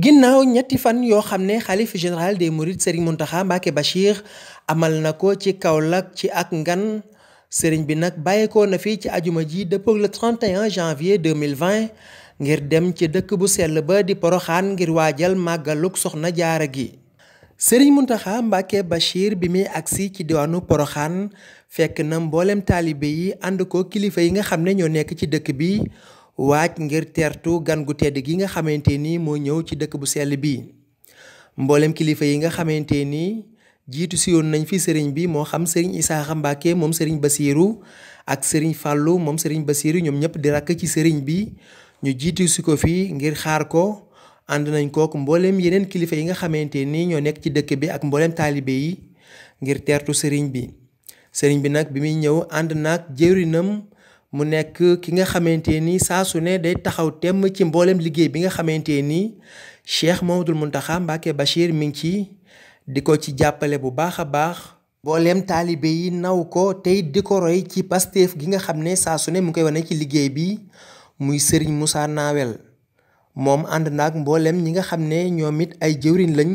ginnaaw ñetti fan yoo xam ne xalif général des mourides Serigne Mountakha Mbacké Bachir amal na ko ci kaw Kaolack ci ak ngan sëriñ bi nag bàyyeekoo na fi ci ajuma ji dëppoo le 31 janvier 2020 ngir dem ci dëkk bu sell ba di Poroxaan ngir waajal màggaluk soxna jaara gi. Serigne Mountakha Mbacké Bachir bi muy agsi ci diwaanu Poroxaan fekk na mboolem taalibe yi ànd ko kilifa yi nga xam ne ñoo nekk ci dëkk bi. waaj ngir teertu gan gu tedd gi nga xamante ni moo ñëw ci dëkk bu sell bi mboolem kilifa yi nga xamante ni jiitu si yoon nañ fi sëriñ bi moo xam sëriñ Isaaxa Mbàkke moom sëriñ Basiiru ak sëriñ Fàllu moom sëriñ Basiiru ñoom ñëpp di rakk ci sëriñ bi ñu jiitu si ko fii ngir xaar ko ànd nañ kook mbooleem yeneen kilifa yi nga xamante ni ñoo nekk ci dëkk bi ak mbooleem taalibe yi ngir teertu sëriñ bi sëriñ bi nag bi muy ñëw ànd naag jëwrinam mu nekk ki nga xamante ni saa su ne day taxaw temm ci mboolem liggéey bi nga xamante ni Cheikh Mouhamadoul Mountakha Mbacké Bachir mi ngi ci di ko ci jàppale bu baax a baax. mboolem taalibe yi naw ko tey di ko roy ci Pastef gi nga xam ne saa su ne mu koy wane ci liggéey bi muy Serigne Moussa Nawel moom ànd na ak mboolem ñi nga xam ne ñoom it ay jëwriñ lañ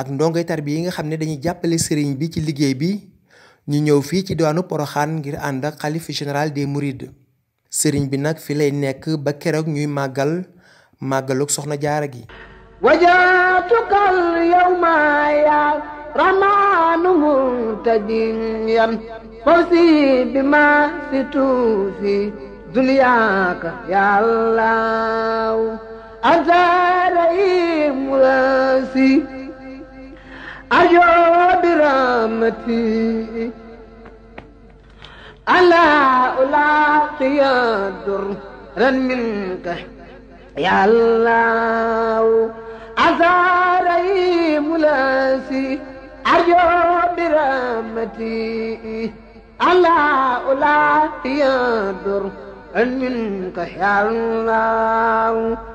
ak ndongoy tarbiya yi nga xam ne dañuy jàppale sëriñ bi ci liggéey bi. ñu ñëw fii ci diwaanu poroxaan ngir ànd ak xalif général des mourides sëriñ bi nag fi lay nekk ba keroog ñuy màggal màggalug soxna jaara gi yawma ya ramaanu muntajiyan fawsi bi ma si tuusi duniyaaka yàllaaw azara i murasi رحمتي ألا ألاقي درا منك يا الله أزاري ملاسي أرجو برحمتي ألا ألاقي درا منك يا الله